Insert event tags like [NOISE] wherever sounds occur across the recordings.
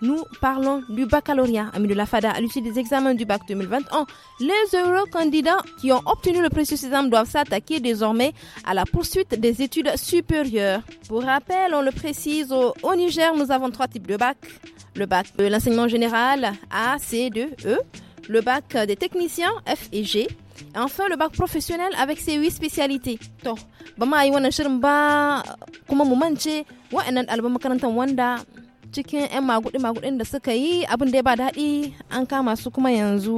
nous parlons du baccalauréat, Ami de la FADA, à l'issue des examens du bac 2021. Les heureux candidats qui ont obtenu le précieux examen doivent s'attaquer désormais à la poursuite des études supérieures. Pour rappel, on le précise, au Niger, nous avons trois types de bac. Le bac de l'enseignement général, A, C, 2, E. Le bac des techniciens, F et G. Et enfin, le bac professionnel avec ses huit spécialités. Donc, cikin 'yan magudi-magudin da suka yi abin da ya ba daɗi an kama su kuma yanzu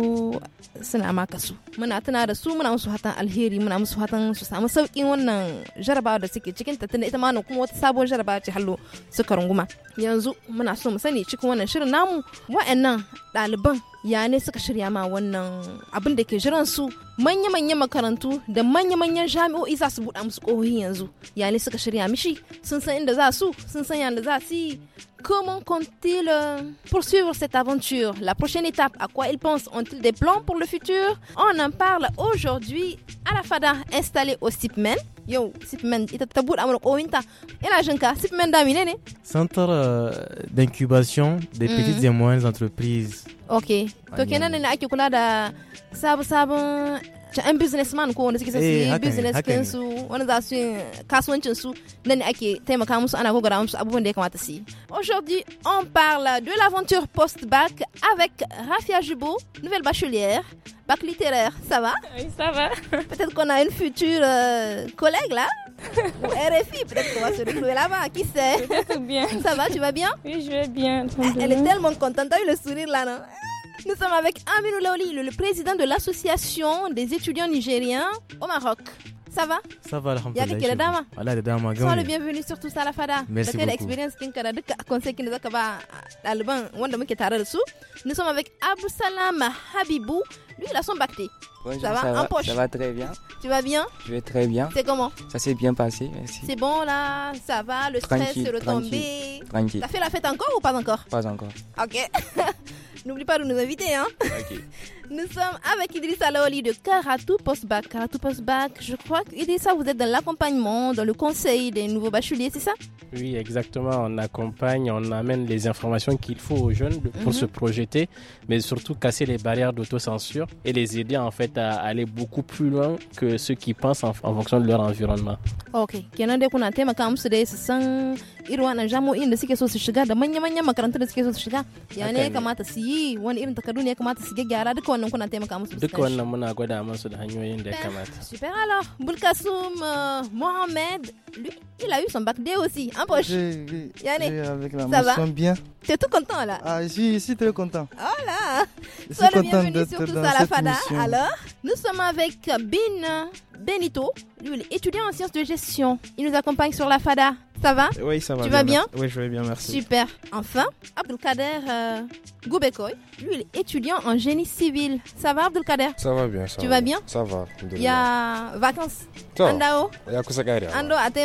suna maka su muna tuna da su muna musu hatan alheri muna musu hatan su samu sauƙin wannan jarabawa da suke cikin tattalin ita ma kuma wata sabuwar jaraba ce hallo suka runguma yanzu muna so mu sani cikin wannan shirin namu wa'annan ɗaliban ya ne suka shirya ma wannan abin da ke jiran su manya-manyan makarantu da manya-manyan jami'o'i za su buɗa musu ƙohohi yanzu ya ne suka shirya mishi sun san inda za su sun san yadda za su yi Comment compte-t-il euh, poursuivre cette aventure La prochaine étape, à quoi ils pensent Ont-ils des plans pour le futur On en parle aujourd'hui à la FADA installée au SIPMEN, yau sipmen ita ta buɗa mana ina jin sipmen da mine ne centre euh, d'incubation des mm. petites et moyennes entreprises ok to kenan ne ake kula da sabu sabon ci un businessman ko on suke su eh, yi business din su wanda za su yi kasuwancin su nan ne ake taimaka musu ana gogara musu abubuwan da ya kamata su yi aujourd'hui on parle de l'aventure post bac avec Rafia Jubo nouvelle bachelière bac littéraire ça va oui ça va peut-être qu'on a une future euh, collègue là ou RFI, peut-être qu'on va se retrouver là-bas, qui sait Bien. Ça va, tu vas bien Oui, je vais bien. Elle est tellement contente, t'as eu le sourire là, non nous sommes avec Aminu Laoli, le, président de l'association des étudiants nigériens au Maroc. Ça va Ça va, alhamdoulilah. Y'a que la dame Allah, la dame. Sois le bienvenu sur tout ça, la fada. Merci beaucoup. l'expérience qu'il y a de conseils qu'il y Nous sommes avec Salam Habibou. Lui, il a son bac Bonjour, ça va, ça va, en poche. ça va très bien. Tu vas bien Je vais très bien. C'est comment Ça s'est bien passé, merci. C'est bon là, ça va, le stress, est retombé. Tranquille. T'as fait la fête encore ou pas encore Pas encore. Ok. [LAUGHS] n'oublie pas de nous inviter, hein. Nous sommes avec Idrissa Laoli de Karatou Postbac. Karatou Postbac, je crois qu'Idrissa, vous êtes dans l'accompagnement, dans le conseil des nouveaux bacheliers, c'est ça Oui, exactement. On accompagne, on amène les informations qu'il faut aux jeunes pour mhm. se projeter, mais surtout casser les barrières d'autocensure et les aider en fait à aller beaucoup plus loin que ceux qui pensent en, fonction de leur environnement. Ok wannan kuna taimaka musu duk wannan muna gwada musu da hanyoyin da ya kamata super alors Boulkassoum euh, Mohamed lui il a eu son bac D aussi en hein, poche ça va bien es tout content là ah je suis, très content oh là sois le bienvenu sur tout ça la fada alors nous sommes avec Bin Benito. Lui, il est étudiant en sciences de gestion. Il nous accompagne sur la FADA. Ça va Oui, ça va. Tu vas bien Oui, je vais bien, merci. Super. Enfin, Abdelkader Goubekoy. Lui, il est étudiant en génie civil. Ça va, Abdelkader Ça va bien. Ça tu vas bien, Ça va. Il y a vacances. Andao. Il y a Ando, ate de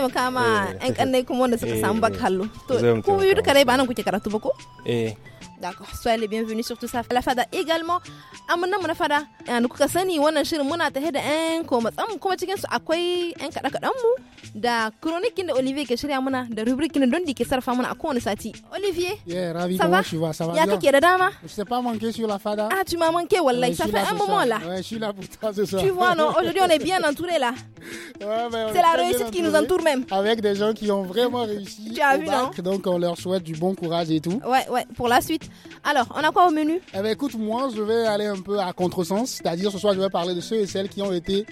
D'accord, soyez les bienvenus sur tout ça. La fada également, amana mana fada. An ah, kuka sani wannan shirin muna tahe da ƴan komatsan kuma cikin su akwai ƴan kada kada mu da chronique de Olivier ke shirya mana da rubrique din Dondi ke sarfa mana a kowane sati. Olivier, yeah, ravi ça va? Tu vois, ça va ya kake da dama? Je sais pas manqué sur la fada. Ah, tu m'as manqué wallahi, ouais, ça fait un moment là. Ouais, je suis là pour toi ce soir. Tu vois non, aujourd'hui on est bien entouré là. Ouais, mais C'est la réussite qui nous entoure même. Avec des gens qui ont vraiment réussi. Tu as vu, bac, non Donc on leur souhaite du bon courage et tout. Ouais, ouais, pour la suite. Alors, on a quoi au menu Eh bien, écoute, moi, je vais aller un peu à contresens. C'est-à-dire, ce soir, je vais parler de ceux et celles qui ont été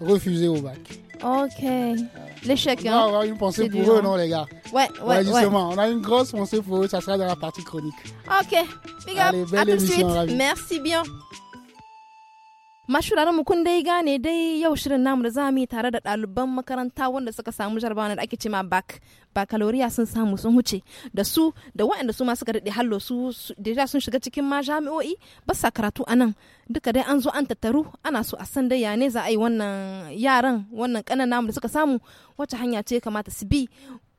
refusés au bac. Ok. L'échec, hein. On va hein. avoir une pensée pour eux, hein. non, les gars Ouais, ouais, ouais. Justement, on a une grosse pensée pour eux. Ça sera dans la partie chronique. Ok. Big up. à tout de suite. Merci bien mashuraren mukun day dai gane dai yau shirin namu da zamu yi tare da ɗaliban makaranta wanda suka samu da ake bak bakaloriya sun samu sun huce da su da waɗanda su ma suka daɗe hallo su deja sun shiga cikin ma jami'o'i ba sa karatu a nan duka dai an zo an tattaru ana so a san dai ya ne za a wannan yaran wannan ƙanan namu da suka samu wata hanya ce kamata su bi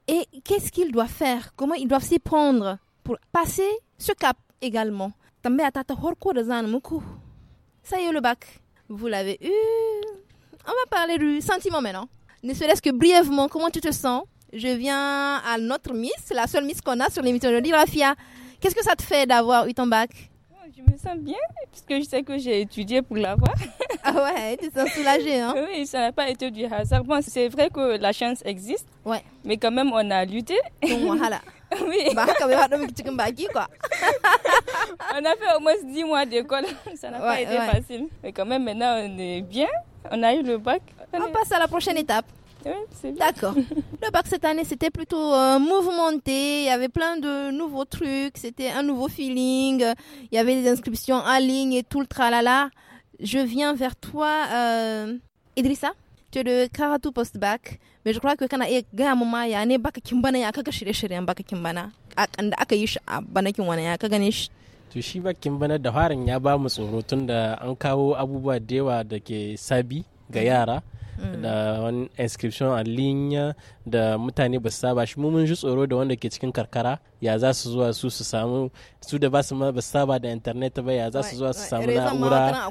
et qu'est-ce qu'ils doivent faire comment ils doivent s'y prendre pour passer ce cap également tambaya ta ta horko da muku ça y est, le bac. Vous l'avez eu. On va parler du sentiment maintenant. Ne serait-ce que brièvement, comment tu te sens Je viens à notre Miss, la seule Miss qu'on a sur l'émission aujourd'hui, Rafia. Qu'est-ce que ça te fait d'avoir eu ton bac oh, je me sens bien, puisque je sais que j'ai étudié pour l'avoir. [LAUGHS] Ah ouais, tu sens soulagée, hein Oui, ça n'a pas été du hasard. c'est vrai que la chance existe. Ouais. Mais quand même, on a lutté. Donc, voilà. [LAUGHS] Oui. Bah, [LAUGHS] on a fait au moins 10 mois d'école. [LAUGHS] Ça n'a pas été facile. Mais quand même, maintenant, on est bien. On a eu le bac. On, passe à la prochaine étape. Oui, D'accord. [LAUGHS] Le bac cette année, c'était plutôt euh, mouvementé. Il y avait plein de nouveaux trucs. C'était un nouveau feeling. Il y avait des inscriptions en ligne et tout le tralala. Je viens vers toi, euh... Idrissa. to da bak hatu post back je crois que kana iya gaya mu ma ya ne kin bana ya kaga shirye-shiryen kin bana da aka yi shi a kin wani ya ka gane shi to shi bakin bana da farin ya ba mu tsoro tun da an kawo abubuwa da yawa da ke sabi ga yara Mm. da wani inscription a linya da mutane ba su saba shi mun ji tsoro da wanda ke cikin karkara ya za su zuwa su su samu su da ba su ba su saba da internet ba ya za su zuwa su samu na'ura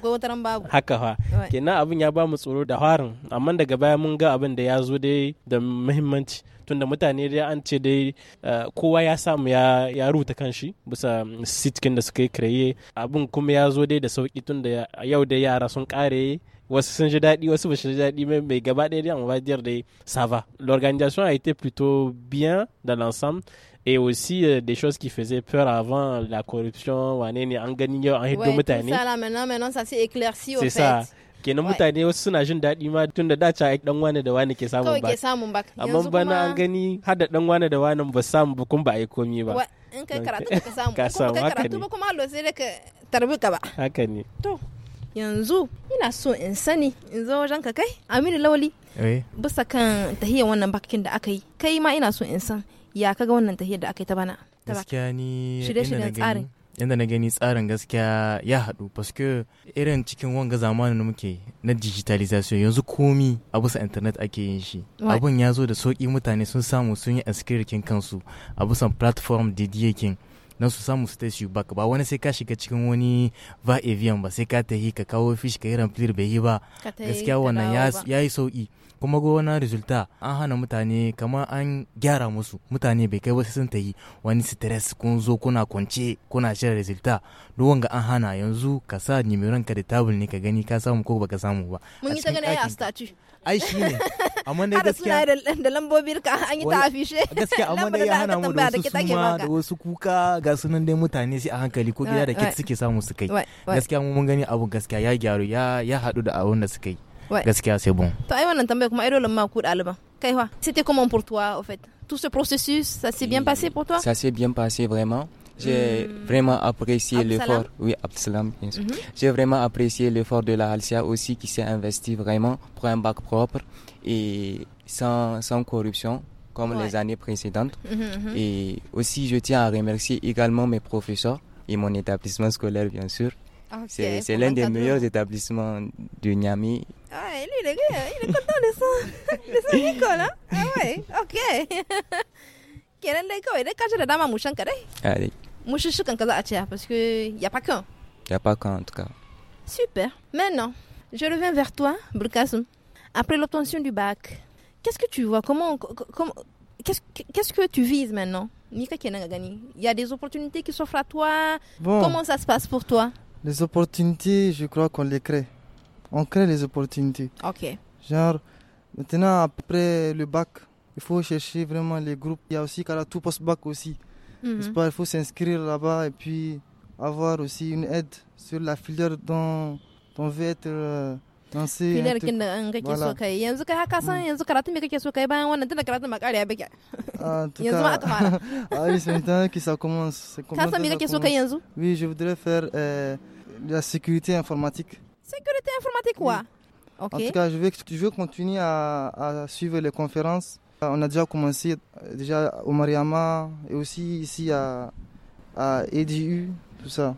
haka ha kenan abin ya ba mu tsoro da harin amma daga baya mun ga abin da ya zo dai da muhimmanci tunda mutane dai an ce dai eh, kowa ya samu ya rubuta kanshi bisa sitkin da suka yi kiraye abin kuma ya zo dai da sauki tunda yau da yara sun kare wasu sun ji daɗi wasu ba su ji daɗi mais gaba ɗaya dai on va dire dai ça va l'organisation a été plutôt bien dans l'ensemble et aussi euh, des choses qui faisaient peur avant la corruption wanene an gani yau an hiddo mutane ça là maintenant maintenant ça s'est éclairci au fait c'est ça kenan mutane wasu suna jin daɗi ma tun da dace ai dan wani da wani ke samun ba amma bana an gani har da dan wani da wani ba samu ba kun ba ai komi ba in kai karatu ka samu ka samu haka ne kuma lo sai da ka tarbi ka ba haka ne to yanzu ina so in sani in zo wajen ka kai aminu lawali eh. bisa kan tahiyar wannan bakin da aka yi kai ma ina so in san ya kaga wannan tahiyar da aka yi ta bana gaskiya ni inda na gani tsarin gaskiya ya haɗu paske irin cikin wanga zamanin muke na digitalization yanzu komi a bisa internet ake yin shi abun ya zo da sauƙi mutane sun samu sun yi inscription kansu a bisa platform didiyakin na su samu su tashi ka ba wani sai ka shiga cikin wani va avian ba sai ka tahi ka kawo fish ka yi ramfir bai yi ba gaskiya wannan ya yi sauki kuma ga wani resulta an hana mutane kama an gyara musu mutane bai kai wasu sun ta yi wani stress kun zo kuna kwance kuna shan resulta duk wanga an hana yanzu ka sa nimeron ka da tabul ne ka gani ka samu ko baka samu ba mun yi ta gani a statue ai shine [LAUGHS] [LAUGHS] amma dai gaskiya da lambobin ka an yi ta afishe gaskiya [LAUGHS] amma dai yana hana mu da wasu suma da wasu kuka ga sunan dai mutane sai a hankali ko gida da kit suke samu su kai gaskiya mu mun gani abu gaskiya ya gyaru ya ya hadu da abun da suka yi gaskiya sai bon to ai wannan tambaya kuma ai dole ma ku ɗaliban kai wa c'était comment pour toi au fait tout ce processus ça s'est bien passé pour toi ça s'est bien passé vraiment j'ai mm. vraiment apprécié l'effort. Oui, mm-hmm. J'ai vraiment apprécié l'effort de la Halsia aussi qui s'est investi vraiment pour un bac propre et sans, corruption comme les années précédentes. Mm-hmm, mm-hmm. Et aussi, je tiens à remercier également mes professeurs et mon établissement scolaire, bien sûr. c'est l'un des meilleurs établissements du Niami. Ah, lui, il est, content de son, de école, hein. Ah ouais, ok. [LAUGHS] Quel est ka je suis parce qu'il n'y a pas qu'un. Il n'y a pas qu'un, en tout cas. Super. Maintenant, je reviens vers toi, Boulkasm. Après l'obtention du bac, qu'est-ce que tu vois Comment, qu'est-ce, quest que tu vises maintenant Il y a des opportunités qui s'offrent à toi. Comment ça se passe pour toi Les opportunités, je crois qu'on les crée. On crée les opportunités. Ok. Genre, maintenant, après le bac, il faut chercher vraiment les groupes. Il y a aussi tout Post-Bac aussi. -hmm. pas, il faut s'inscrire là-bas et puis avoir aussi une aide sur la filière dont on veut être euh, La Filière qui voilà. En tout cas, [LAUGHS] ah oui, c'est maintenant que ça commence. Ça commence, ça Oui, je voudrais faire euh, la sécurité informatique. Sécurité informatique quoi oui. En tout cas, je que tu veux continuer à, à suivre les conférences on a déjà commencé euh, déjà au Mariama et aussi ici à, à EDU, tout ça.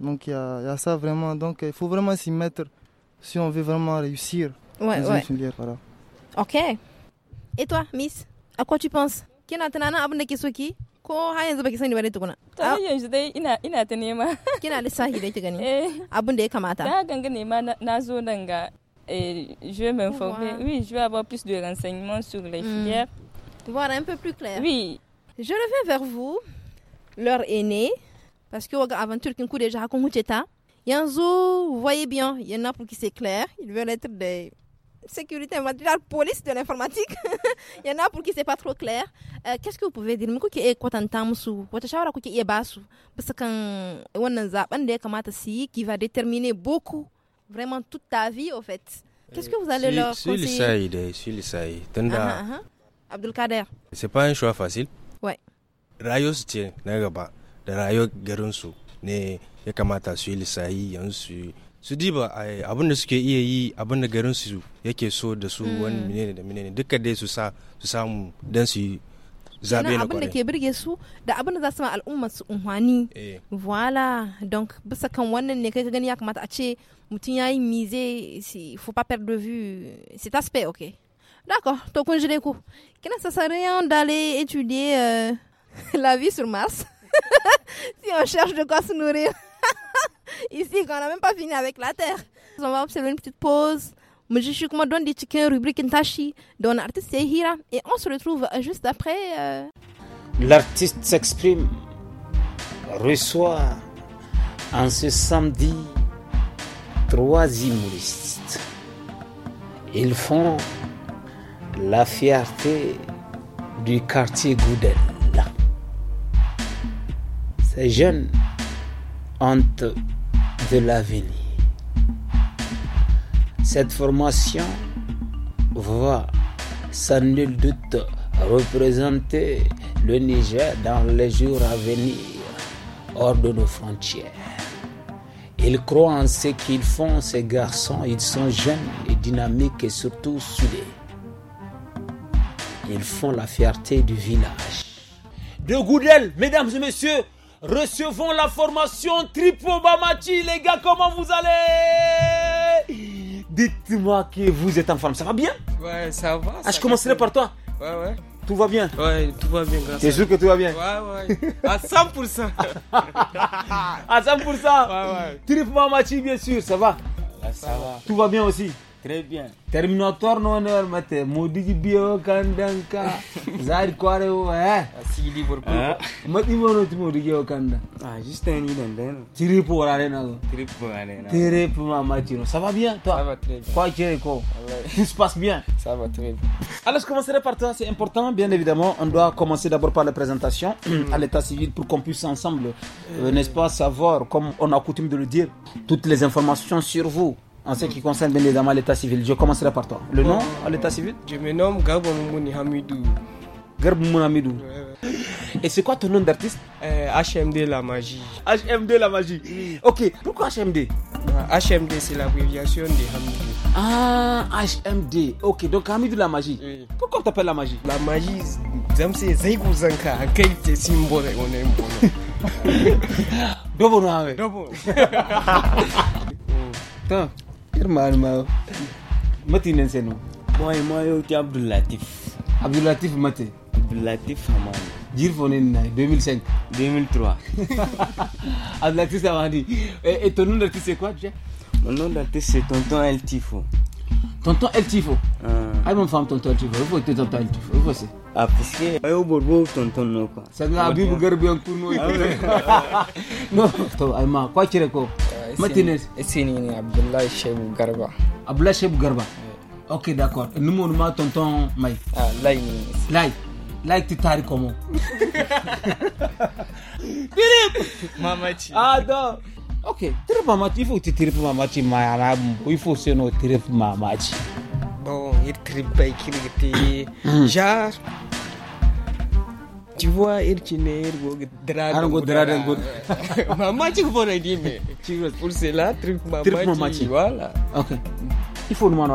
Donc il y, y, a ça vraiment. Donc il faut vraiment s'y mettre si on veut vraiment réussir ouais, dans ouais. une filière. Voilà. Ok. Et toi, Miss, à quoi tu penses Kina tanana abin da ke so ki ko har yanzu baki sani ba tukuna ta har ah. yanzu dai ina ina ta nema kina lissafi dai ki gani [LAUGHS] eh. abun da ya kamata da ganga nema na zo nan ga et je vais m'informer. Oui, je vais avoir plus de renseignements sur les hmm. filières. Voir un peu plus clair. Oui. Je reviens vers vous, leur aîné, parce que aventure qui coup déjà à Yanzo, vous voyez bien, il y en a pour qui c'est clair, ils veulent être des sécurité, on police de l'informatique. [LAUGHS] Il y en a pour qui c'est pas trop clair. Euh, qu'est-ce que vous pouvez dire? Muku ke kwatanta musu, wata shawara kuke iya basu bisa wannan zaben da ya qui va déterminer beaucoup vraiment toute ta vie au fait. Qu'est-ce que vous allez si, leur conseiller Si le saïd, si tanda. Abdelkader. C'est pas un choix facile. Ouais. Rayo su ce na gaba da rayo garin su ne ya kamata su yi lissayi yanzu su diba abin da suke iya yi abin da garin su yake so da su wani menene da menene duka dai su sa su samu dan su zabe na abin da ke birge su da abin da za su ma su unhwani eh. voila donc bisa kan wannan ne kai ka gani ya kamata a ce mutum yayi mise si faut pas perdre de vue cet aspect ok d'accord to kun jire ku kina sa rien d'aller étudier euh, [LAUGHS] la vie sur Mars [LAUGHS] si on cherche de quoi se nourrir [LAUGHS] ici on n'a même pas fini avec la Terre on va observer une petite pause M. suis suis un don rubrique rubrique rubrique intachi, l'artiste hira et on se retrouve juste après euh, l'artiste s'exprime reçoit en ce samedi trois humoristes ils font la fierté du quartier Goudel. Ces jeunes ont de la l'avenir. Cette formation va, sans nul doute, représenter le Niger dans les jours à venir, hors de nos frontières. Ils croient en ce qu'ils font, ces garçons. Ils sont jeunes et dynamiques et surtout soudés. Ils font la fierté du village. De Goudel, mesdames et messieurs, recevons la formation Tripo Les gars, comment vous allez dites-moi que vous êtes en forme. Ça va bien Ouais, ça va. Ah, je commencerai par toi. Ouais, ouais. Tout va bien Ouais, tout va bien, grâce à T'es sûr que tout va bien Ouais, ouais. À 100% [LAUGHS] À 100% Ouais, ouais. Tu Trip Mathieu, bien sûr, ça va Ça, ça va. Tout va bien aussi Très bien. Terminator no ne mate modiji biyo kandanka [LAUGHS] zari kware wo eh ah, si Liverpool ah. mati mono ti modiji o kanda ah juste un idem ben trip pour aller na trip pour aller na pour ma matino ça va bien toi ça va très bien quoi qu'il quoi. Il se passe bien ça va très bien alors je commencerai par toi c'est important bien évidemment on doit commencer d'abord par la présentation [CLEARS THROAT] à l'état civil pour qu'on puisse ensemble euh, n'est-ce pas savoir comme on a coutume de le dire toutes les informations sur vous en ce qui concerne bien évidemment l'état civil. Je commencerai par toi. Le nom à l'état civil Je me nomme Gabon Mouni Hamidou. Gabo Mouni Hamidou. Et c'est quoi ton nom d'artiste HMD euh, La Magie. HMD La Magie. Ok, pourquoi HMD HMD, c'est l'abréviation de Hamidou. Ah, HMD. Ok, donc Hamidou La Magie. Pourquoi tu appelles La Magie La Magie, c'est Zaygou Zanka, on bon. [LAUGHS] [LAUGHS] Comment Mao. Moi, moi, je suis Abdul Latif. Abdul Latif Abdul Latif Haman. 2005. 2003. Abdul Latif et eh, eh, ton nom d'artiste c'est quoi Mon nom d'artiste c'est Tonton El Tifo. Tonton El Tifo euh. Ah, mon femme, Tonton El Tifo. Il faut Tonton El Tifo. Ah, parce que. Eh, ah, un tonton Tonton C'est la Garbi, un non. Non, toi, Aïma, quoi, tu Martinez. Essini Abdullah Chebou Garba. Abdullah Chebou Garba. Ok, d'accord. Nous, on m'a tonton Maï. Ah, Lai. Lai. Lai, tu t'arrives comment Philippe Mamachi. Ah, non. Ok, tire Mamachi. Il faut que tu tires Mamachi. Il faut que tu tires Mamachi. Bon, il tire Baikiri. Genre tu vois ir kine ergo drag ergo maman tu vois pas dit mais tu vois pour cela truc maman tu voilà ok il faut nous en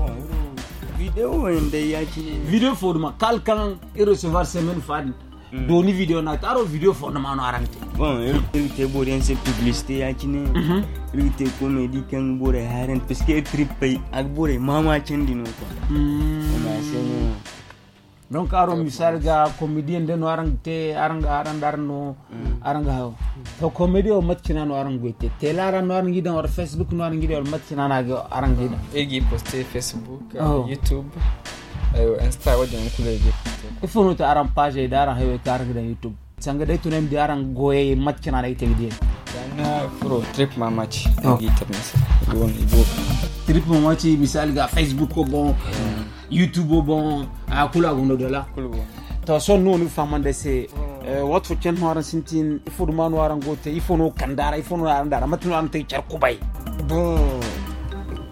Bon, vidéo ende hein, ya vidéo faut nous quelqu'un et recevoir semaine fans hmm. doni vidéo, na taro vidéo faut nous en bon il te c'est ya mm-hmm. il kan parce que trip pay ak maman quoi hmm. donc aro misal ga comédien de arang te arang arang dar no mm. arang ha to comédie o mat kinano arang gote te lara no arang gidan or facebook no arang gidan mat kinana ga arang gidan e gi facebook oh. eh, youtube ayo eh, insta wajen kule gi ifono te arang page da arang hewe ka arang gidan youtube sanga de tunem di arang goye matchina kinana ite gidan dan pro trip e gi tabnes gon ibo trip match misal ga facebook ko bon mm. youtube bon a kula gondo dala to so no nu famande se wat fo ken horan sintin ifo man manu aran gote ifo no kandara ifo no aran dara matinu aran te char kubay bon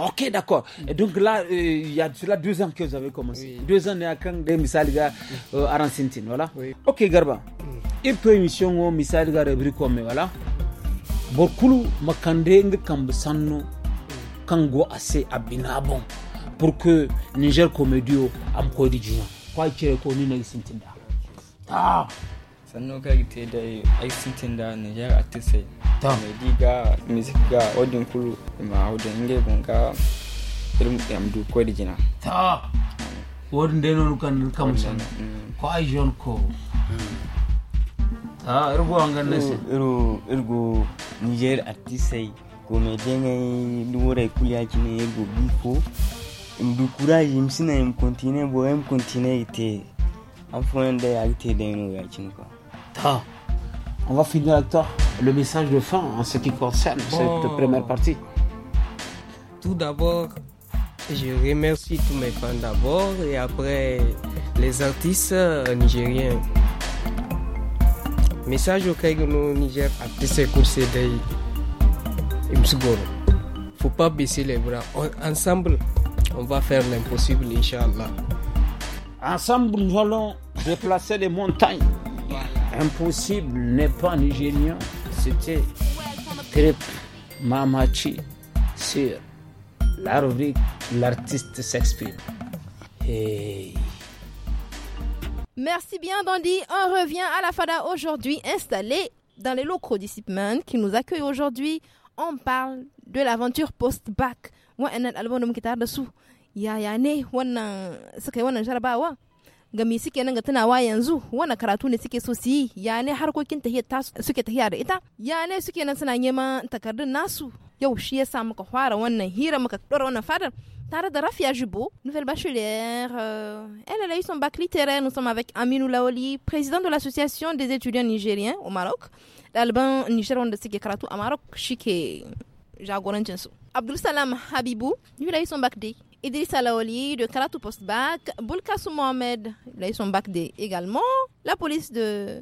Ok, d'accord. Et donc là, euh, il y a cela deux ans que vous avez commencé. Deux ans, il y a quand des misali euh, à aran voilà. Ok, Garba. Mm. Et puis mission au misali à rubrique mais voilà. Borkulu makande kambusano kango ase abinabon pour que Niger comme am ko di juna. Kwa kire ko ni na sintin da. Ah. Sanno ka gite da ai sintin Niger medi ga music ga odin kulu ma odin nge bon irin yam du ko dijina ta wodin de non kan kam san mm. ko ay jon ko ta irgo an ne se irgo irgo niger artiste ko me dengai duwore kuliya kini irgo biko im du courage im sina im continue bo im continue ite am fo ende ya ite de no ya chin ko ta On va finir avec toi. Le message de fin en ce qui concerne cette première partie. Tout d'abord, je remercie tous mes fans d'abord et après les artistes euh, nigériens. Message au nous Niger a ses Il ne Faut pas baisser les bras. ensemble, on va faire l'impossible, Inch'Allah. Ensemble, nous allons déplacer les montagnes impossible n'est pas nigérien, c'était Trip Mamachi sur la rubrique L'artiste s'exprime. Merci bien, Dandy. On revient à la FADA aujourd'hui, installé dans les locaux d'Issipman qui nous accueille aujourd'hui. On parle de l'aventure post-bac. album ga me suke nan ga tunawa yanzu wannan karatu ne suke so su yi ya ne harkokin tahiyar tasu suke tahiya da ita ya ne suke nan suna neman takardun nasu yau shi yasa muka fara wannan hira muka dora wannan fadar tare da Rafia Jubo, nouvelle bachelière. Euh, elle, elle, a eu son bac littéraire. Nous sommes avec Aminou Laoli, président de l'association des étudiants nigériens au Maroc. L'Alban Niger wanda suke karatu a Maroc shi ke jagorancinsu. Abdul Salam Habibou, lui, il a eu son bac D. Idrissa Laoli de Karatou Postbac, Boulkassou Mohamed, là ils sont bac D également, la police de,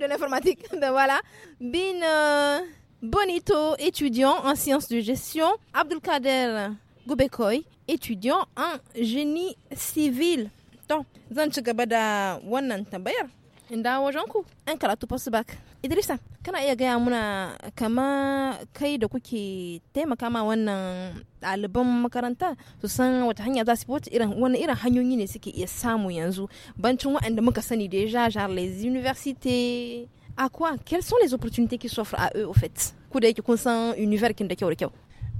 de l'informatique, [LAUGHS] voilà, Bin euh, Bonito, étudiant en sciences de gestion, Abdelkader Goubekoy, étudiant en génie civil. Donc, zan Wanantabayer, da wannan tambayar. Inda Idrisa, kana iya gaya muna kama kai da kuke taimaka ma wannan ɗaliban makaranta su san wata hanya za su irin wani irin hanyoyi ne suke iya samu yanzu bancin waɗanda muka sani da ya genre les universités A quoi Quelles sont les opportunités qui s'offrent à eux au fait da yake kun san univers da kyau da kyau.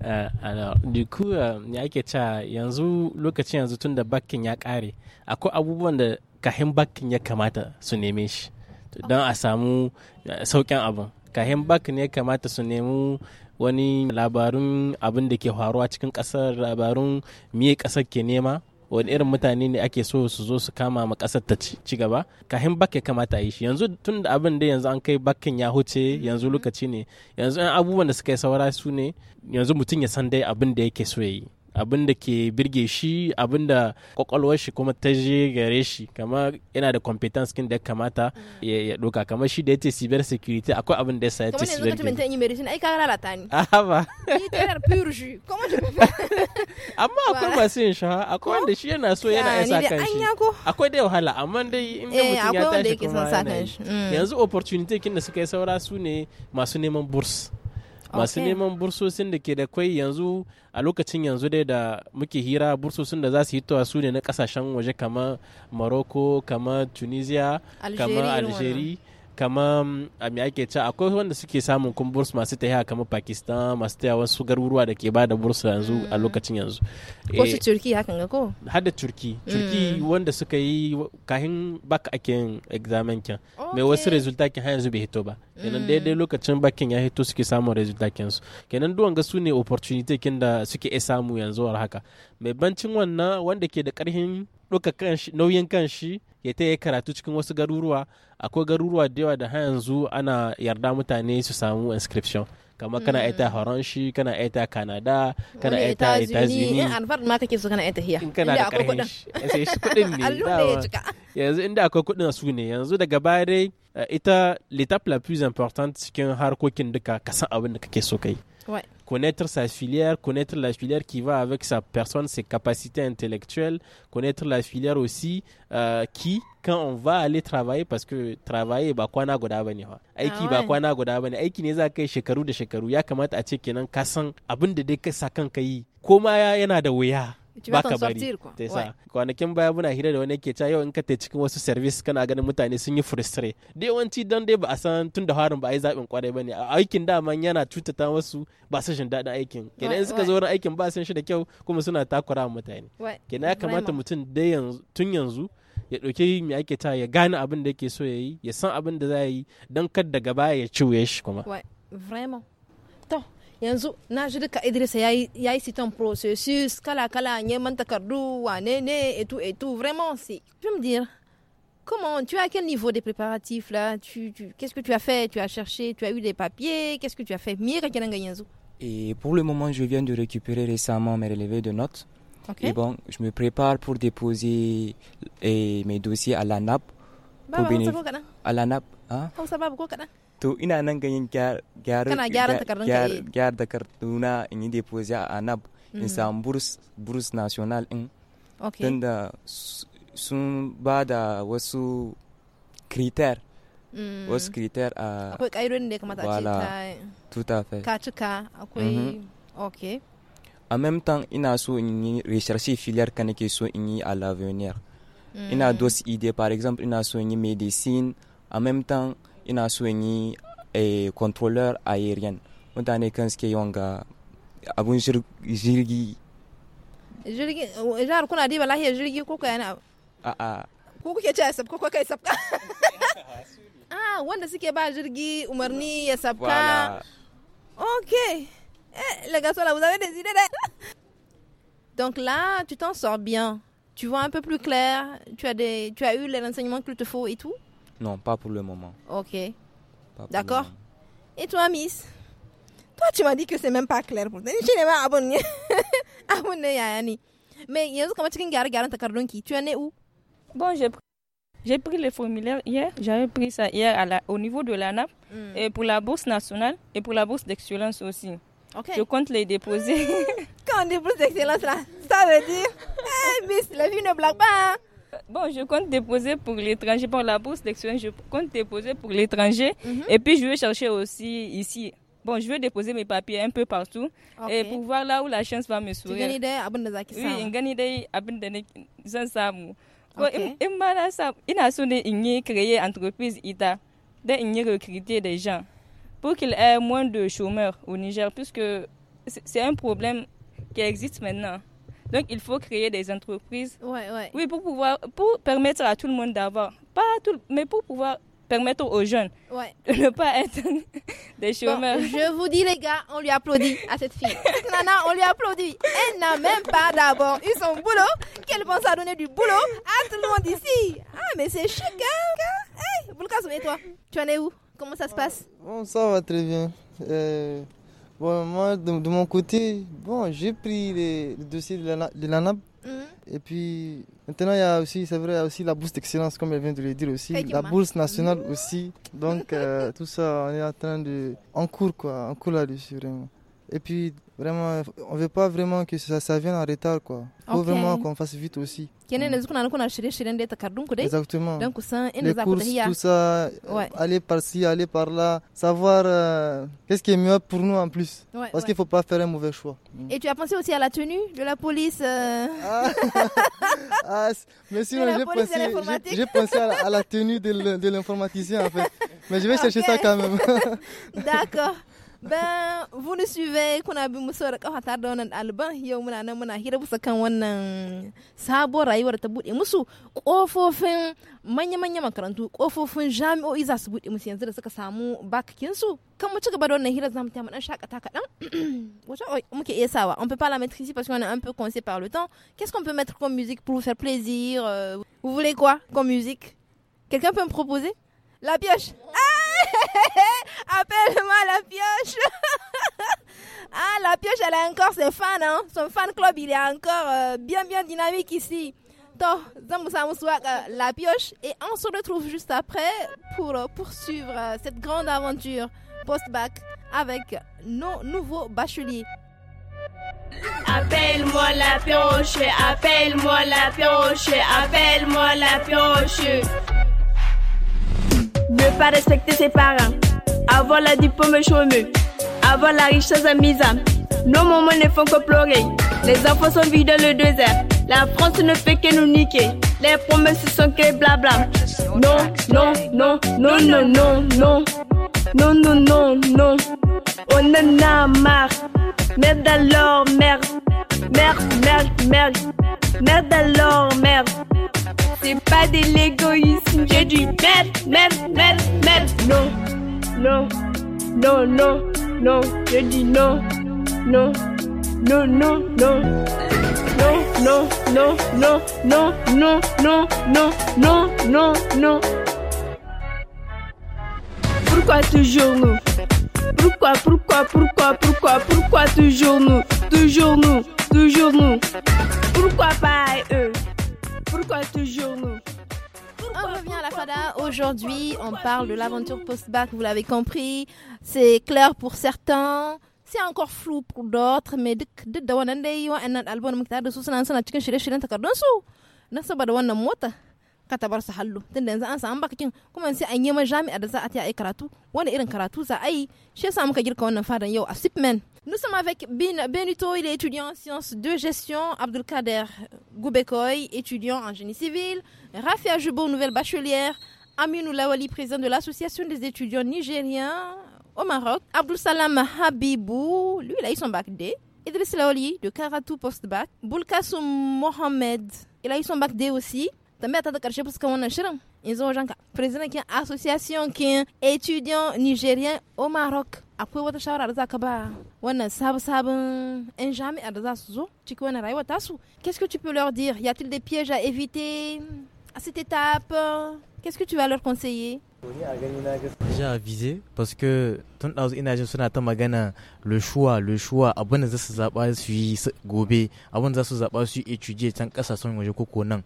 Eh, alors du coup eh, ya ke ca yanzu lokacin yanzu tun da bakkin ya kare akwai abubuwan da kahin bakin ya kamata su neme shi don a samu eh, sauƙin abin kahin bak ne kamata su nemi wani labarun abin da ke faruwa cikin ƙasar labarun miye ƙasar ke nema wani irin mutane ne ake so su zo su kama ma kasar ta ci gaba kahin bak ya kamata yi shi yanzu tun da abin da yanzu an kai bakin ya huce yanzu lokaci ne yanzu abubuwan da suka yi saura su ne yanzu mutum ya san dai abin da yake so ya yi abin da ke birge shi abin da kwakwalwar shi kuma ta je gare shi kamar yana da competence kin da kamata ya doka kamar shi da ce cyber security akwai abin da ya ce cyber security [LAUGHS] ba [LAUGHS] amma akwai masu yin shaha akwai wanda shi yana so yana yasa kan shi akwai da wahala amma dai in eh, mutum ya tashi kuma mm. yanzu opportunity kin da suka yi saura su ne masu neman burs masu neman bursosin da ke da kwai yanzu a lokacin yanzu dai da muke hira bursosin da za su towa su ne na kasashen waje kamar morocco kamar tunisia kamar algeria kamar a ah, me ake ce akwai wanda suke samun kun burs masu tahiya kamar pakistan masu ta tahiya wasu garuruwa da ke bada burs yanzu a mm. lokacin yanzu Ko su eh, turki hakan ga ko har da turki mm. turki wanda suka yi kahin baka ake yin examen kin mai wasu resulta kin har yanzu bai hito ba kenan mm. daidai lokacin bakin ya hito suke samun resulta kin su kenan duwan ga su ne opportunity kin da suke iya samu yanzu har haka mai bancin wannan wanda ke da karhin ɗauka nauyin kan shi ya ta karatu cikin wasu garuruwa akwai garuruwa da yawa da har yanzu ana yarda mutane su samu inscription kamar kana aita faranshi mm. kana aita kanada kana aita etazini in alfar ma kake so kana aita hiya in kana da karhin eh, sai shi kudin ne [LAUGHS] yanzu inda akwai kudin su ne yanzu daga baya dai eh, ita l'étape la plus importante cikin harkokin duka kasan abin da kake so kai Connaître sa filière, connaître la filière qui va avec sa personne, ses capacités intellectuelles, connaître la filière aussi euh, qui, quand on va aller travailler, parce que travailler bah, ba kwana guda bane fa. Aiki bah, ba kwana guda bane, aiki ne za ka shekaru da shekaru, ya kamata a ce kenan ka san abin da dai ka sa kanka yi. yana da wuya. baka bari kwanakin baya muna hira da wani yake ta yau in ka cikin wasu service kana ganin mutane sun yi frustrate da yawanci don dai ba a san tun da harin ba a yi zaɓin kwarai ba ne a aikin dama yana cutata wasu ba su jin daɗin aikin kenan in suka zo wurin aikin ba san shi da kyau kuma suna takura mutane kenan ya kamata mutum dai tun yanzu ya ɗauke mai ake ta ya gane abin da yake so ya yi ya san abin da za yi don kar da gaba ya ciwo ya shi kuma. yanzu na ji duka y ya yi processus kala-kala neman takardu wane ne et tout, vraiment c'est je me dire comment tu as à quel niveau des préparatifs là tu, tu qu'est-ce que tu as fait tu as cherché tu as eu des papiers qu'est-ce que tu as fait et pour le moment je viens de récupérer récemment mes relevés de notes okay. et bon je me prépare pour déposer et eh, mes dossiers à la NAP bah, pour bah, bénéficier à la NAP hein? to ina nan ganin gyara gyara da kartuna in yi deposit a anab in mm-hmm. samu burus national in don da sun ba da wasu kriter mm. wasu kriter a akwai ƙa'idonin da ya kamata a ce ta akwai mm-hmm. ok a même temps ina so in yi filière ka nake so in yi a l'avenir mm. ina dos idée par exemple ina so in yi medicine a même temps ina so in eh, controller aérien mutane kan suke yawan ga abun jirgi jirgi jihar kuna diba lahiyar jirgi ko kayan na. a'a ko kuke ce sabka ko kai sabka [LAUGHS] ah wanda suke ba jirgi umarni ya sabka ok eh, les gars, là vous avez des idées donc là tu t'en sors bien tu vois un peu plus clair tu as des tu as eu les renseignements qu'il te faut et tout non, pas pour le moment. Ok. D'accord. Et toi, Miss Toi, tu m'as dit que c'est même pas clair pour toi. Je n'ai pas abonné. abonné, Annie. Mais yanzu kamar cikin gyare-gyaren qui. tu en es où Bon, j'ai pris, j'ai pris le formulaire hier. J'avais pris ça hier au niveau de la NAP hmm. et pour la bourse nationale et pour la bourse d'excellence aussi. Ok. Je compte les déposer. Hmm. quand on dépose d'excellence là, ça veut dire, hey, [LAUGHS] eh, Miss, la vie ne blague pas. Hein. Bon, je compte déposer pour l'étranger, pour la bourse d'excellence, je compte déposer pour l'étranger. Mhm. Et puis, je vais chercher aussi ici. Bon, je vais déposer mes papiers un peu partout et pour voir là où la chance va me sourire. Oui, in gani dai entreprise ita de recruter des gens pour qu'il ait moins de chômeurs au Niger puisque c'est un problème qui existe maintenant. Donc, il faut créer des entreprises. Oui, pour pouvoir, pour permettre à tout le monde d'avoir, pas tout, mais pour pouvoir permettre aux jeunes de ne pas être [LAUGHS] des chômeurs. je vous dis, les gars, on lui applaudit à cette fille. nana, on lui applaudit. Elle n'a même pas d'abord eu son boulot, qu'elle pense à donner du boulot à tout le monde ici. Ah, mais c'est chic, hein? Hey, et toi? Tu en es où? Comment ça se passe? On ça va très bien. Euh, moi, de, de mon côté, bon, j'ai pris les, le de l'ANAB. Mhm. et puis maintenant il y a aussi, c'est vrai, aussi la bourse d'excellence comme elle vient de le dire aussi, la bourse nationale mhm. aussi. Donc euh, [LAUGHS] tout ça, on est en train de, en cours quoi, en cours là-dessus vraiment. Et puis, vraiment, on ne veut pas vraiment que ça, ça vienne en retard. Quoi. Il faut vraiment qu'on fasse vite aussi. Mm. Exactement. Les courses, tout ça, aller par-ci, aller par-là, savoir euh, qu'est-ce qui est mieux pour nous en plus. parce qu'il ne faut pas faire un mauvais choix. Mm. Et tu as pensé aussi à la tenue de la police euh? ah. [LAUGHS] Ah, Mais sinon, j'ai pensé, à, la, tenue de l'informaticien en fait. Mais je vais [LAUGHS] chercher ça quand même. D'accord. [LAUGHS] Ben, vous nous suivez, kuna bin musu da kafa tare da wannan ɗaliban yau muna nan muna hira bisa kan wannan sabon rayuwar ta bude musu kofofin manya-manya makarantu, kofofin jami'o'i za su buɗe musu yanzu da suka samu bakakin su. Kan mu ci gaba da wannan hira za mu ta mu dan shakata kaɗan. [CLEARS THROAT] Wata muke iya sawa, on peut pas la mettre ici parce qu'on est un peu coincé par le temps. Qu'est-ce qu'on peut mettre comme musique pour vous faire plaisir euh, Vous voulez quoi comme musique Quelqu'un peut me proposer La pioche. Ah [LAUGHS] appelle-moi la pioche. [LAUGHS] ah, la pioche, elle a encore ses fans. Hein? Son fan club, il est encore euh, bien, bien dynamique ici. Donc, euh, la pioche. Et on se retrouve juste après pour euh, poursuivre cette grande aventure post-bac avec nos nouveaux bacheliers. Appelle-moi la pioche, appelle-moi la pioche, appelle-moi la pioche. Ne pas respecter ses parents avoir la diplôme chômeux. Avoir la richesse mise Nos moments ne font que pleurer. Les enfants sont vides dans le désert. La France ne fait que nous niquer. Les promesses sont que blabla. Non, non, non, non, non, non, non. Non, non, non, non. On en a marre. Merde alors, merde. Merde, merde, merde. Merde alors, merde. C'est pas de l'égoïsme, j'ai du merde, merde, merde, merde, non non, non, non, non, je dis non, non, non, non, non, non, non, non, non, non, non, non, non, non, non, non. Pourquoi toujours nous Pourquoi, pourquoi, pourquoi, pourquoi, pourquoi toujours nous Toujours nous, toujours nous. Pourquoi pas eux Pourquoi toujours nous on revient à la FADA. Aujourd'hui, on parle de l'aventure post-bac, vous l'avez compris. C'est clair pour certains, c'est encore flou pour d'autres, mais duk da wannan dai wa'annan albon muka tare da su suna suna cikin shirye-shiryen takardun su na saboda wannan mota ka se su hallu tunda yanzu an samu bakakin kuma sai an yi ma jami'a da za a ta yi karatu wani irin karatu za a yi shi yasa muka girka wannan fadan yau a Sipmen Nous sommes avec ben, Benuto, il est étudiant en sciences de gestion, Abdelkader Goubekoy, étudiant en génie civil, Rafia Jubo, nouvelle bachelière, Aminou Lawali, président de l'association des étudiants nigériens au Maroc, Abdul Salam Habibou, lui il a eu son bac D, Idriss Lawali de Karatou post-bac, Boulkassoum Mohamed, il a eu son bac D aussi, também tá da karshe parce qu'on a chiran yanzu wajen ka président kin association kin étudiant nigérien au Maroc Après wata shawara da zaka ba wannan sabon sabon yan jami'ar da za su zo cikin wannan rayuwar tasu qu'est-ce que tu peux leur dire y a-t-il des pièges à éviter à cette étape, euh, qu'est-ce que tu vas leur conseiller J'ai avisé parce que tun da suna ta magana le choix le choix avant da za su zaba su yi gobe abin da zaba su yi étudier can kasashen waje koko nan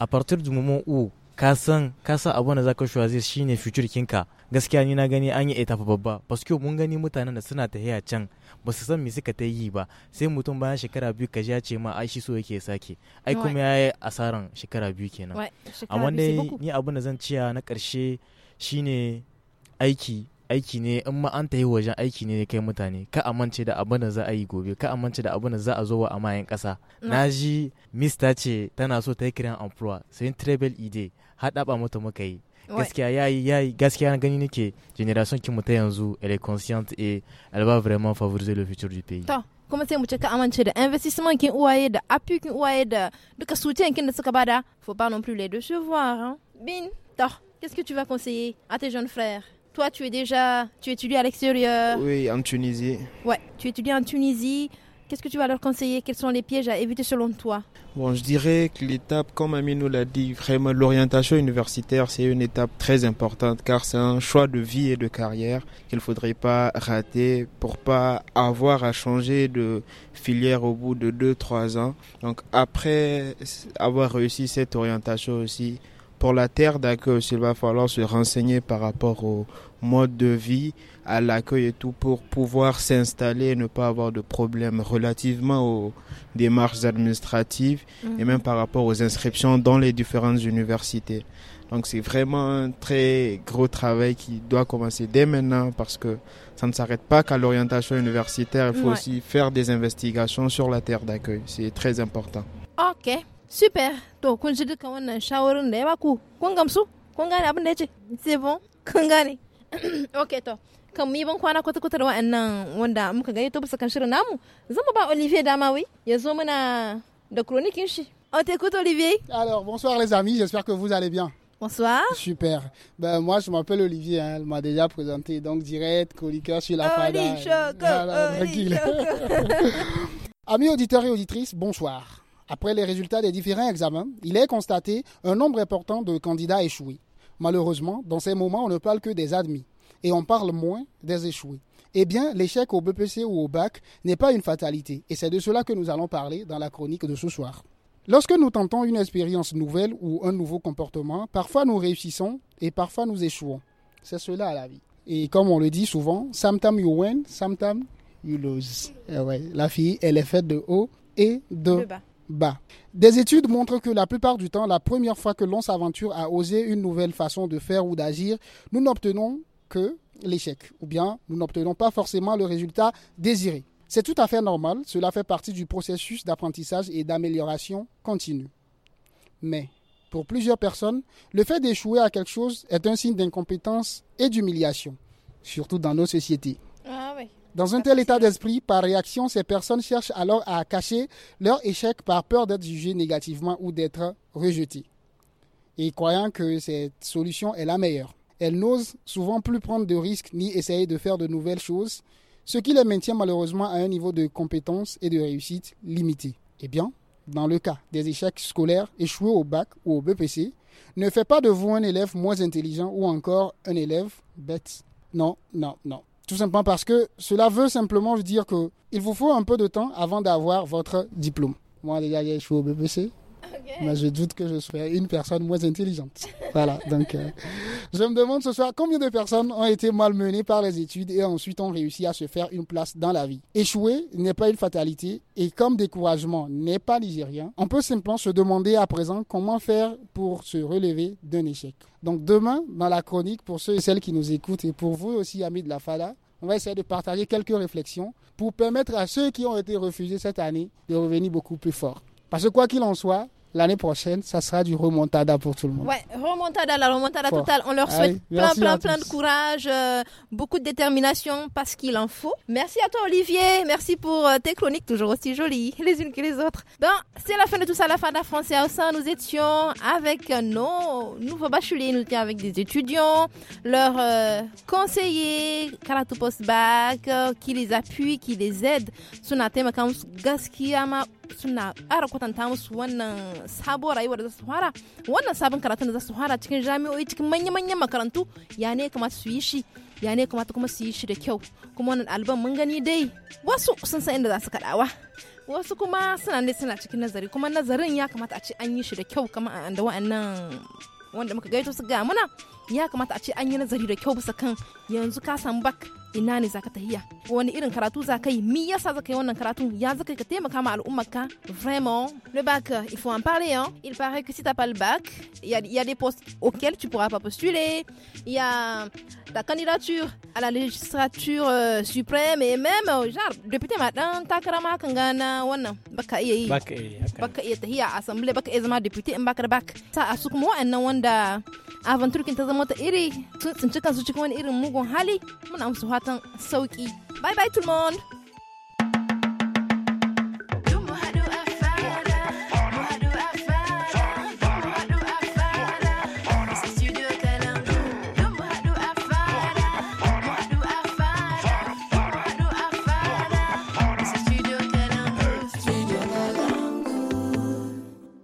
a partir du moment où ka san ka san abin da zaka choisir shine future kinka gaskiya ni na gani an yi étape babba parce que mun gani mutanen da suna tahiya can ba su san me suka ta yi ba sai mutum bayan shekara biyu ka ji ya ce ma ai shi so yake sake ai kuma ya yi asaran shekara biyu kenan amma dai ni abin da zan ciya na karshe shine aiki aiki ne in ma an yi wajen aiki ne kai mutane ka amince da abin da za a yi gobe ka amince da abin da za a zo wa mayan kasa na ji mista ce tana so ta yi kiran amfura sai travel ide haɗaɓa mata muka yi a ya qui gaskiya gani nake qui monte en yanzu elle est consciente et elle va vraiment favoriser le futur du pays to comment c'est que tu ka amince da investissement kin uwaye da appui kin uwaye da duka soutien kin da suka bada faut pas non plus les décevoir hein. bin qu'est-ce que tu vas conseiller à tes jeunes frères toi tu es déjà tu étudies à l'extérieur oui en Tunisie ouais tu étudies en Tunisie Qu'est-ce que tu vas leur conseiller Quels sont les pièges à éviter selon toi Bon, je dirais que l'étape, comme Amine nous l'a dit, vraiment l'orientation universitaire, c'est une étape très importante car c'est un choix de vie et de carrière qu'il ne faudrait pas rater pour pas avoir à changer de filière au bout de 2-3 ans. Donc après avoir réussi cette orientation aussi, pour la terre d'accueil, il va falloir se renseigner par rapport au mode de vie, à l'accueil et tout pour pouvoir s'installer et ne pas avoir de problèmes relativement aux démarches administratives et mhm. même par rapport aux inscriptions dans les différentes universités. Donc c'est vraiment un très gros travail qui doit commencer dès maintenant parce que ça ne s'arrête pas qu'à l'orientation universitaire, il faut aussi faire des investigations sur la terre d'accueil. C'est très important. OK. Super. Donc C'est bon. [COUGHS] OK toi kan on Olivier alors bonsoir les amis j'espère que vous allez bien Bonsoir. Super. Ben, moi, je m'appelle Olivier. Hein. Elle m'a déjà présenté. Donc, direct, coliqueur sur la tranquille. [LAUGHS] Amis auditeurs et auditrices, bonsoir. Après les résultats des différents examens, il est constaté un nombre important de candidats échoués. Malheureusement, dans ces moments, on ne parle que des admis et on parle moins des échoués. Eh bien, l'échec au BPC ou au bac n'est pas une fatalité, et c'est de cela que nous allons parler dans la chronique de ce soir. Lorsque nous tentons une expérience nouvelle ou un nouveau comportement, parfois nous réussissons et parfois nous échouons. C'est cela à la vie. Et comme on le dit souvent, sometimes you win, sometimes you lose. Eh la fille, elle est faite de haut et de, bas. Des études montrent que la plupart du temps, la première fois que l'on s'aventure à oser une nouvelle façon de faire ou d'agir, nous n'obtenons que l'échec, ou bien nous n'obtenons pas forcément le résultat désiré. C'est tout à fait normal, cela fait partie du processus d'apprentissage et d'amélioration continue. Mais pour plusieurs personnes, le fait d'échouer à quelque chose est un signe d'incompétence et d'humiliation, surtout dans nos sociétés. Ah dans un tel état d'esprit, par réaction, ces personnes cherchent alors à cacher leur échec par peur d'être jugées négativement ou d'être rejetées, et croyant que cette solution est la meilleure. Elles n'osent souvent plus prendre de risques ni essayer de faire de nouvelles choses, ce qui les maintient malheureusement à un niveau de compétence et de réussite limité. Eh bien, dans le cas des échecs scolaires échoués au bac ou au BPC, ne fait pas de vous un élève moins intelligent ou encore un élève bête. Non, non, non. Tout simplement parce que cela veut simplement dire que il vous faut un peu de temps avant d'avoir votre diplôme. Moi gars, j'ai échoué au BPC, mais je doute que je sois une personne moins intelligente. voilà, donc euh, je me demande ce soir combien de personnes ont été malmenées par les études et ensuite ont réussi à se faire une place dans la vie. Échouer n'est pas une fatalité et comme découragement n'est pas nigérien, on peut simplement se demander à présent comment faire pour se relever d'un échec. Donc demain, dans la chronique, pour ceux et celles qui nous écoutent et pour vous aussi, amis de la FADA, on va essayer de partager quelques réflexions pour permettre à ceux qui ont été refusés cette année de revenir beaucoup plus fort. Parce que quoi qu'il en soit, l'année prochaine, ça sera du remontada pour tout le monde. Ouais, remontada, la remontada totale. On leur souhaite plein, plein, plein de courage, euh, beaucoup de détermination parce qu'il en faut. Merci à toi, Olivier. Merci pour euh, tes chroniques, toujours aussi jolies, [LAUGHS] les unes que les autres. Bon, c'est la fin de tout ça, la fin de la France et sein Nous étions avec nos nouveaux bacheliers, nous étions avec des étudiants, leurs euh, conseillers, Karatopos qui les appuient, qui les aident. Sunatema Gaskiyama suna ƙara kwatanta musu wannan sabuwar rayuwar da za su fara wannan sabon karatun da za su fara cikin jami'o'i cikin manya-manyan makarantu ya ne kamata su yi shi ya ne kamata kuma su yi shi da kyau kuma wannan alban mun gani dai wasu sun san inda za su kaɗawa wasu kuma suna ne suna cikin nazari kuma nazarin ya kamata a ce an yi shi da kyau kamar da wa'annan wanda muka gaito su ga muna ya kamata a ce an yi nazari da kyau bisa kan yanzu ka samu bak ina ne zaka tahiya wani irin karatu za ka yi mi yasa za ka yi wannan karatun ya za ka taimaka ma al'ummar ka vraiment le bac il faut en parler hein il paraît que si t'as pas le bac il y a, il y a des postes auxquels tu pourras pas postuler il y a ta candidature à la législature euh, suprême et même euh, genre député madan ta ma kan gana wannan baka iya yi baka iya tahiya assemblée baka iya zama député in baka da bac ça a su en wa'annan wanda turkin ta zama ta iri tun tsinci kansu cikin wani irin mugun hali muna musu fatan sauki bye bye tout